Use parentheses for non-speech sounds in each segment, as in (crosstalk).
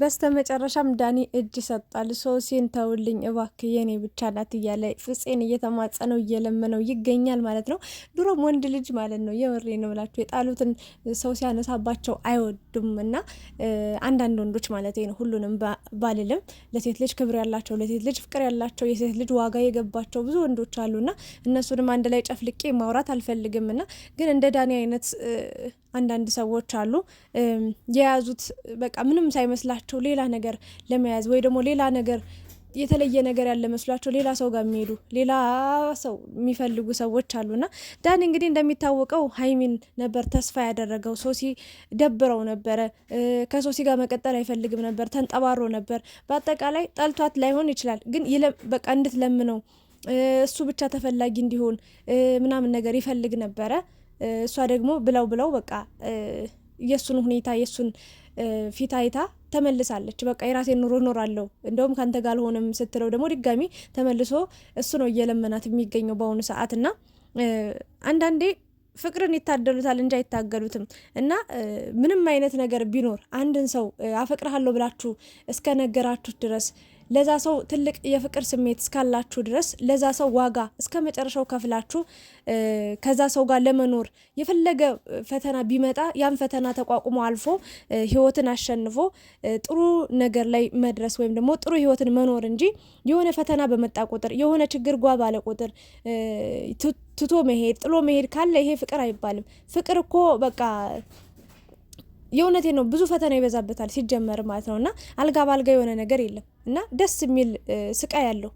በስተመጨረሻም ዳኒ እጅ ይሰጣል። ሶሲን ተውልኝ እባክህ የኔ ብቻ ናት እያለ ፍፄን እየተማጸነው እየለመነው ይገኛል ማለት ነው። ድሮም ወንድ ልጅ ማለት ነው የወሬ ነው ብላችሁ የጣሉትን ሰው ሲያነሳባቸው አይወዱም እና አንዳንድ ወንዶች ማለት ነው፣ ሁሉንም ባልልም ለሴት ልጅ ክብር ያላቸው፣ ለሴት ልጅ ፍቅር ያላቸው፣ የሴት ልጅ ዋጋ የገባቸው ብዙ ወንዶች አሉና እነሱንም አንድ ላይ ጨፍልቄ ማውራት አልፈልግም እና ግን እንደ ዳኒ አይነት አንዳንድ ሰዎች አሉ የያዙት በቃ ምንም ሳይመስላቸው ሌላ ነገር ለመያዝ ወይ ደግሞ ሌላ ነገር የተለየ ነገር ያለ መስሏቸው ሌላ ሰው ጋር የሚሄዱ ሌላ ሰው የሚፈልጉ ሰዎች አሉና ዳኒ እንግዲህ እንደሚታወቀው ሀይሚን ነበር ተስፋ ያደረገው። ሶሲ ደብረው ነበረ። ከሶሲ ጋር መቀጠል አይፈልግም ነበር፣ ተንጠባሮ ነበር። በአጠቃላይ ጠልቷት ላይሆን ይችላል፣ ግን በቃ እንድትለምነው እሱ ብቻ ተፈላጊ እንዲሆን ምናምን ነገር ይፈልግ ነበረ። እሷ ደግሞ ብለው ብለው በቃ የእሱን ሁኔታ የእሱን ፊት አይታ ተመልሳለች። በቃ የራሴን ኑሮ እኖራለሁ እንደውም ከአንተ ጋር አልሆንም ስትለው ደግሞ ድጋሚ ተመልሶ እሱ ነው እየለመናት የሚገኘው በአሁኑ ሰዓት እና አንዳንዴ ፍቅርን ይታደሉታል እንጂ አይታገሉትም። እና ምንም አይነት ነገር ቢኖር አንድን ሰው አፈቅርሃለሁ ብላችሁ እስከ ነገራችሁት ድረስ ለዛ ሰው ትልቅ የፍቅር ስሜት እስካላችሁ ድረስ ለዛ ሰው ዋጋ እስከ መጨረሻው ከፍላችሁ ከዛ ሰው ጋር ለመኖር የፈለገ ፈተና ቢመጣ ያን ፈተና ተቋቁሞ አልፎ ህይወትን አሸንፎ ጥሩ ነገር ላይ መድረስ ወይም ደግሞ ጥሩ ህይወትን መኖር እንጂ የሆነ ፈተና በመጣ ቁጥር የሆነ ችግር ጓ ባለ ቁጥር ትቶ መሄድ ጥሎ መሄድ ካለ ይሄ ፍቅር አይባልም። ፍቅር እኮ በቃ የእውነቴ ነው። ብዙ ፈተና ይበዛበታል ሲጀመር ማለት ነው እና አልጋ በአልጋ የሆነ ነገር የለም እና ደስ የሚል ስቃይ አለው።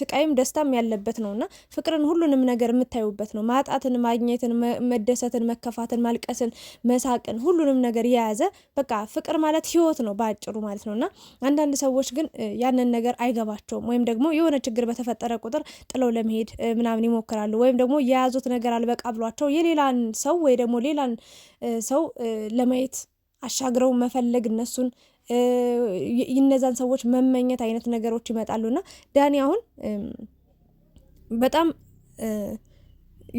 ስቃይም ደስታም ያለበት ነው እና ፍቅርን ሁሉንም ነገር የምታዩበት ነው። ማጣትን፣ ማግኘትን፣ መደሰትን፣ መከፋትን፣ ማልቀስን፣ መሳቅን ሁሉንም ነገር የያዘ በቃ ፍቅር ማለት ህይወት ነው በአጭሩ ማለት ነው እና አንዳንድ ሰዎች ግን ያንን ነገር አይገባቸውም ወይም ደግሞ የሆነ ችግር በተፈጠረ ቁጥር ጥለው ለመሄድ ምናምን ይሞክራሉ ወይም ደግሞ የያዙት ነገር አልበቃ ብሏቸው የሌላን ሰው ወይ ደግሞ ሌላን ሰው ለማየት አሻግረው መፈለግ እነሱን እነዛን ሰዎች መመኘት አይነት ነገሮች ና ዳኒ አሁን በጣም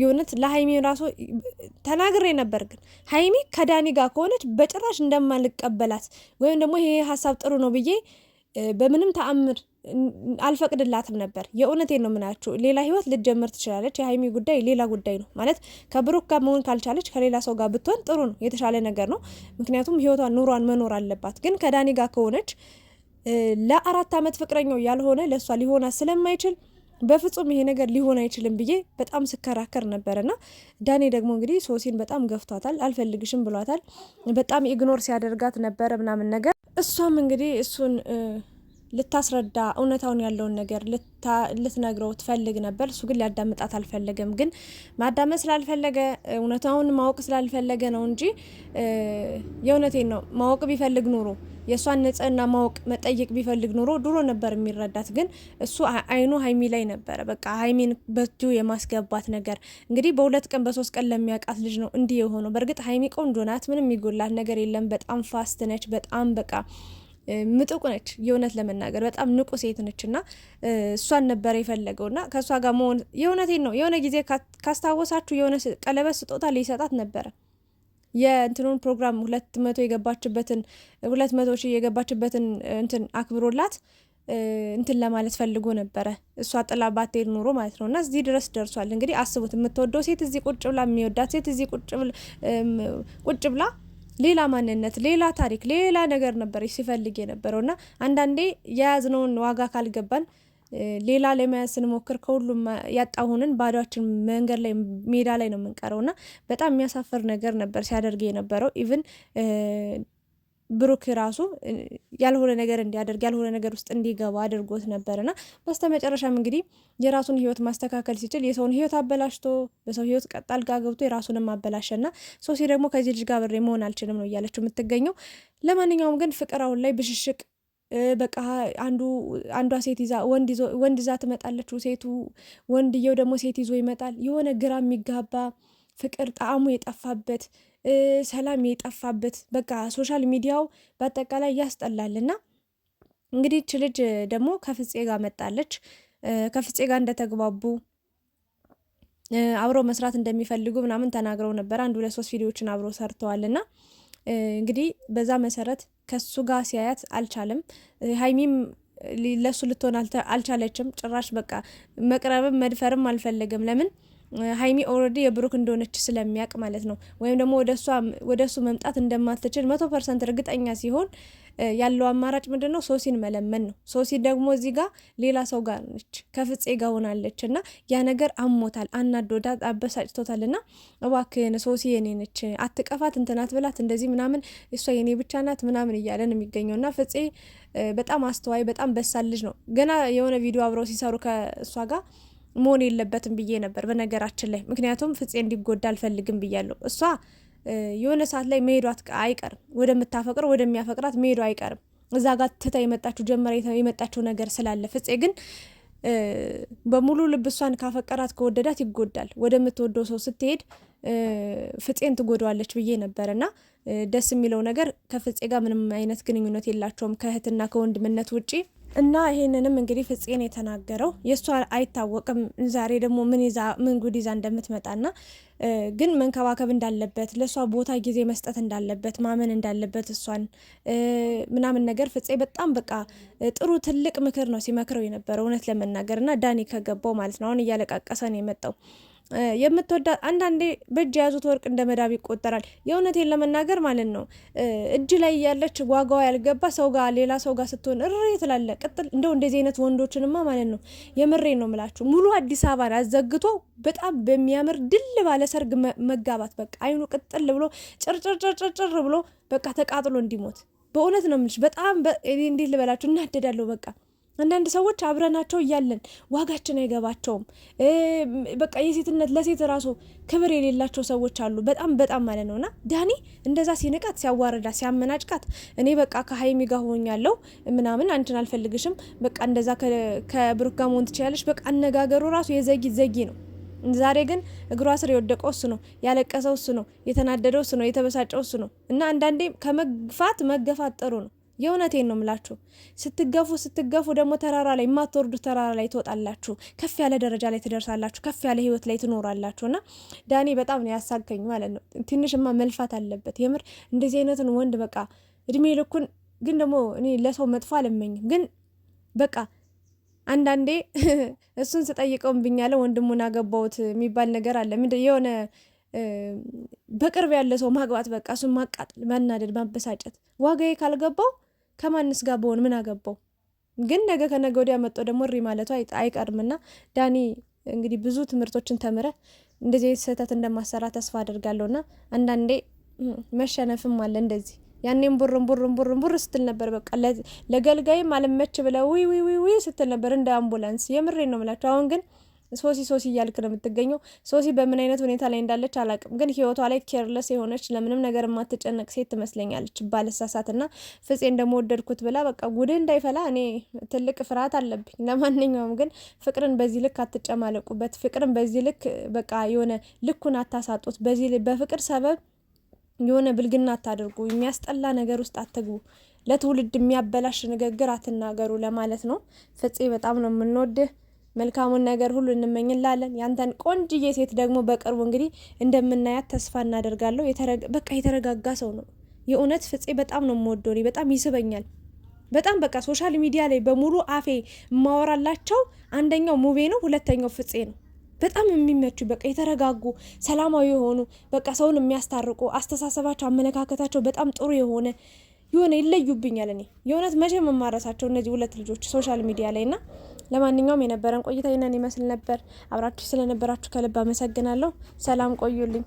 የእውነት ለሀይሚ ራሱ ተናግሬ ነበር። ግን ሀይሚ ከዳኒ ጋር ከሆነች በጭራሽ እንደማልቀበላት ወይም ደግሞ ይሄ ሀሳብ ጥሩ ነው ብዬ በምንም ተአምር አልፈቅድላትም ነበር። የእውነቴን ነው ምናችሁ። ሌላ ህይወት ልትጀምር ትችላለች። የሀይሚ ጉዳይ ሌላ ጉዳይ ነው ማለት ከብሩክ ጋር መሆን ካልቻለች ከሌላ ሰው ጋር ብትሆን ጥሩ ነው፣ የተሻለ ነገር ነው። ምክንያቱም ህይወቷን ኑሯን መኖር አለባት። ግን ከዳኒ ጋር ከሆነች ለአራት አመት ፍቅረኛው ያልሆነ ለእሷ ሊሆና ስለማይችል በፍጹም ይሄ ነገር ሊሆን አይችልም ብዬ በጣም ስከራከር ነበረና ዳኔ ደግሞ እንግዲህ ሶሲን በጣም ገፍቷታል፣ አልፈልግሽም ብሏታል። በጣም ኢግኖር ሲያደርጋት ነበረ ምናምን ነገር እሷም እንግዲህ እሱን ልታስረዳ እውነታውን ያለውን ነገር ልትነግረው ትፈልግ ነበር። እሱ ግን ሊያዳምጣት አልፈለገም። ግን ማዳመጥ ስላልፈለገ እውነታውን ማወቅ ስላልፈለገ ነው እንጂ የእውነቴን ነው። ማወቅ ቢፈልግ ኑሮ የእሷን ንጽህና ማወቅ መጠየቅ ቢፈልግ ኑሮ ድሮ ነበር የሚረዳት። ግን እሱ አይኑ ሀይሚ ላይ ነበረ። በቃ ሀይሚን በቱ የማስገባት ነገር እንግዲህ በሁለት ቀን በሶስት ቀን ለሚያውቃት ልጅ ነው እንዲህ የሆነው። በእርግጥ ሀይሚ ቆንጆ ናት፣ ምንም የሚጎላት ነገር የለም። በጣም ፋስት ነች። በጣም በቃ ምጥቁ ነች። የእውነት ለመናገር በጣም ንቁ ሴት ነች እና እሷን ነበረ የፈለገው እና ከእሷ ጋር መሆን የእውነቴን ነው። የሆነ ጊዜ ካስታወሳችሁ የሆነ ቀለበት ስጦታ ሊሰጣት ነበረ የእንትኑን ፕሮግራም ሁለት መቶ የገባችበትን ሁለት መቶ ሺህ የገባችበትን እንትን አክብሮላት እንትን ለማለት ፈልጎ ነበረ። እሷ ጥላ ባትሄድ ኑሮ ማለት ነው እና እዚህ ድረስ ደርሷል። እንግዲህ አስቡት፣ የምትወደው ሴት እዚህ ቁጭ ብላ፣ የሚወዳት ሴት እዚህ ቁጭ ብላ ሌላ ማንነት፣ ሌላ ታሪክ፣ ሌላ ነገር ነበር ሲፈልግ የነበረው እና አንዳንዴ የያዝነውን ዋጋ ካልገባን ሌላ ለመያዝ ስንሞክር ከሁሉም ያጣሁንን ባዷችን መንገድ ላይ ሜዳ ላይ ነው የምንቀረው እና በጣም የሚያሳፍር ነገር ነበር ሲያደርግ የነበረው ኢቭን ብሩክ ራሱ ያልሆነ ነገር እንዲያደርግ ያልሆነ ነገር ውስጥ እንዲገባ አድርጎት ነበርና በስተመጨረሻም እንግዲህ የራሱን ህይወት ማስተካከል ሲችል የሰውን ህይወት አበላሽቶ በሰው ሕይወት አልጋ ገብቶ የራሱንም አበላሸና ሶሲ ደግሞ ከዚህ ልጅ ጋር ብሬ መሆን አልችልም ነው እያለችው የምትገኘው። ለማንኛውም ግን ፍቅር አሁን ላይ ብሽሽቅ በቃ አንዱ አንዷ ሴት ይዛ ወንድ ይዛ ትመጣለች። ሴቱ ወንድየው ደግሞ ሴት ይዞ ይመጣል። የሆነ ግራ የሚጋባ ፍቅር ጣዕሙ የጠፋበት ሰላም የጠፋበት በቃ ሶሻል ሚዲያው በአጠቃላይ ያስጠላልና እንግዲህ ች ልጅ ደግሞ ከፍፄ ጋር መጣለች። ከፍፄ ጋር እንደተግባቡ አብረው መስራት እንደሚፈልጉ ምናምን ተናግረው ነበር። አንድ ሁለት ሶስት ቪዲዮዎችን አብሮ ሰርተዋል እንግዲህ በዛ መሰረት ከሱ ጋር ሲያያት አልቻለም። ሀይሚም ለሱ ልትሆን አልቻለችም። ጭራሽ በቃ መቅረብም መድፈርም አልፈለገም። ለምን ሀይሚ ኦልሬዲ የብሩክ እንደሆነች ስለሚያውቅ ማለት ነው። ወይም ደግሞ ወደ እሱ መምጣት እንደማትችል መቶ ፐርሰንት እርግጠኛ ሲሆን ያለው አማራጭ ምንድን ነው? ሶሲን መለመን ነው። ሶሲ ደግሞ እዚህ ጋር ሌላ ሰው ጋር ነች፣ ከፍፄ ጋር ሆናለች እና ያ ነገር አሞታል፣ አናዶዳ አበሳጭቶታል። እና እባክህን ሶሲ የኔ ነች፣ አትቀፋት፣ እንትናት ብላት እንደዚህ ምናምን፣ እሷ የኔ ብቻ ናት ምናምን እያለን የሚገኘው እና ፍፄ በጣም አስተዋይ በጣም በሳል ልጅ ነው። ገና የሆነ ቪዲዮ አብረው ሲሰሩ ከእሷ ጋር መሆን የለበትም ብዬ ነበር በነገራችን ላይ ምክንያቱም ፍፄ እንዲጎዳ አልፈልግም ብያለሁ። እሷ የሆነ ሰዓት ላይ መሄዷት አይቀርም፣ ወደምታፈቅር ወደሚያፈቅራት መሄዷ አይቀርም። እዛ ጋር ትታ የመጣችው ጀመረ የመጣችው ነገር ስላለ ፍፄ ግን በሙሉ ልብ እሷን ካፈቀራት ከወደዳት ይጎዳል። ወደምትወደው ሰው ስትሄድ ፍፄን ትጎዳዋለች ብዬ ነበር እና ደስ የሚለው ነገር ከፍፄ ጋር ምንም አይነት ግንኙነት የላቸውም ከእህትና ከወንድምነት ውጪ እና ይሄንንም እንግዲህ ፍፄን የተናገረው የእሷ አይታወቅም። ዛሬ ደግሞ ምን ይዛ ምን ጉድ ይዛ እንደምትመጣና ግን መንከባከብ እንዳለበት ለእሷ ቦታ ጊዜ መስጠት እንዳለበት ማመን እንዳለበት እሷን ምናምን ነገር ፍፄ በጣም በቃ ጥሩ ትልቅ ምክር ነው ሲመክረው የነበረው እውነት ለመናገር እና ዳኒ ከገባው ማለት ነው አሁን እያለቃቀሰ ነው የመጣው የምትወዳት አንዳንዴ በእጅ የያዙት ወርቅ እንደ መዳብ ይቆጠራል። የእውነቴን ለመናገር ማለት ነው። እጅ ላይ ያለች ዋጋዋ ያልገባ ሰው ጋር ሌላ ሰው ጋር ስትሆን እሬ ትላለ። ቅጥል እንደው እንደዚህ አይነት ወንዶችንማ ማለት ነው የምሬ ነው ምላችሁ ሙሉ አዲስ አበባን አዘግቶ በጣም በሚያምር ድል ባለ ሰርግ መጋባት በቃ አይኑ ቅጥል ብሎ ጭርጭርጭርጭር ብሎ በቃ ተቃጥሎ እንዲሞት በእውነት ነው ምልሽ። በጣም እንዴት ልበላችሁ እናደዳለሁ በቃ አንዳንድ ሰዎች አብረናቸው እያለን ዋጋችን አይገባቸውም። በቃ የሴትነት ለሴት ራሱ ክብር የሌላቸው ሰዎች አሉ። በጣም በጣም ማለት ነውና ዳኒ እንደዛ ሲንቃት፣ ሲያዋርዳት፣ ሲያመናጭቃት እኔ በቃ ከሀይሚ ጋር ሆኛለሁ ምናምን አንቺን አልፈልግሽም በቃ እንደዛ ከብሩክ ጋር መሆን በቃ አነጋገሩ ራሱ የዘጊ ዘጊ ነው። ዛሬ ግን እግሯ ስር የወደቀው እሱ ነው፣ ያለቀሰው እሱ ነው፣ የተናደደው እሱ ነው፣ የተበሳጨው እሱ ነው። እና አንዳንዴ ከመግፋት መገፋት ጥሩ ነው። የእውነቴን ነው ምላችሁ። ስትገፉ ስትገፉ ደግሞ ተራራ ላይ የማትወርዱ ተራራ ላይ ትወጣላችሁ፣ ከፍ ያለ ደረጃ ላይ ትደርሳላችሁ፣ ከፍ ያለ ህይወት ላይ ትኖራላችሁ። እና ዳኔ በጣም ነው ያሳገኝ ማለት ነው። ትንሽማ መልፋት አለበት የምር እንደዚህ አይነቱን ወንድ በቃ እድሜ ልኩን ግን ደግሞ እኔ ለሰው መጥፎ አልመኝም፣ ግን በቃ አንዳንዴ (laughs) እሱን ስጠይቀውም ብኛለ ወንድሙን አገባውት የሚባል ነገር አለ ምንድን የሆነ በቅርብ ያለ ሰው ማግባት በቃ እሱን ማቃጠል፣ መናደድ፣ ማበሳጨት ዋጋዬ ካልገባው ከማንስ ጋር በሆን ምን አገባው? ግን ነገ ከነገ ወዲያ መጠው ደግሞ እሪ ማለቱ አይቀርምና ዳኒ እንግዲህ ብዙ ትምህርቶችን ተምረ እንደዚህ ስህተት እንደማሰራ ተስፋ አደርጋለሁና አንዳንዴ መሸነፍም አለ እንደዚህ ያኔም ቡርን ቡርን ቡርን ቡር ስትል ነበር። በቃ ለገልጋይም አልመች ብለ ውይ ውይ ውይ ስትል ነበር እንደ አምቡላንስ። የምሬን ነው ምላቸው። አሁን ግን ሶሲ ሶሲ እያልክ ነው የምትገኘው። ሶሲ በምን አይነት ሁኔታ ላይ እንዳለች አላቅም፣ ግን ህይወቷ ላይ ኬርለስ የሆነች ለምንም ነገር የማትጨነቅ ሴት ትመስለኛለች። ባለሳሳት ና ፍጼ እንደመወደድኩት ብላ በቃ ጉድህ እንዳይፈላ እኔ ትልቅ ፍርሃት አለብኝ። ለማንኛውም ግን ፍቅርን በዚህ ልክ አትጨማለቁበት። ፍቅርን በዚህ ልክ በቃ የሆነ ልኩን አታሳጡት። በዚህ በፍቅር ሰበብ የሆነ ብልግና አታድርጉ። የሚያስጠላ ነገር ውስጥ አትግቡ። ለትውልድ የሚያበላሽ ንግግር አትናገሩ ለማለት ነው። ፍጼ በጣም ነው የምንወድህ። መልካሙን ነገር ሁሉ እንመኝላለን። ያንተን ቆንጅዬ ሴት ደግሞ በቅርቡ እንግዲህ እንደምናያት ተስፋ እናደርጋለሁ። በቃ የተረጋጋ ሰው ነው የእውነት ፍፄ። በጣም ነው የምወደው፣ በጣም ይስበኛል። በጣም በቃ ሶሻል ሚዲያ ላይ በሙሉ አፌ የማወራላቸው አንደኛው ሙቤ ነው፣ ሁለተኛው ፍፄ ነው። በጣም የሚመቹ በቃ የተረጋጉ ሰላማዊ የሆኑ በቃ ሰውን የሚያስታርቁ አስተሳሰባቸው፣ አመለካከታቸው በጣም ጥሩ የሆነ የሆነ ይለዩብኛል። እኔ የእውነት መቼ መማረሳቸው እነዚህ ሁለት ልጆች ሶሻል ሚዲያ ላይ እና ለማንኛውም የነበረን ቆይታ ይህንን ይመስል ነበር። አብራችሁ ስለነበራችሁ ከልብ አመሰግናለሁ። ሰላም ቆዩልኝ።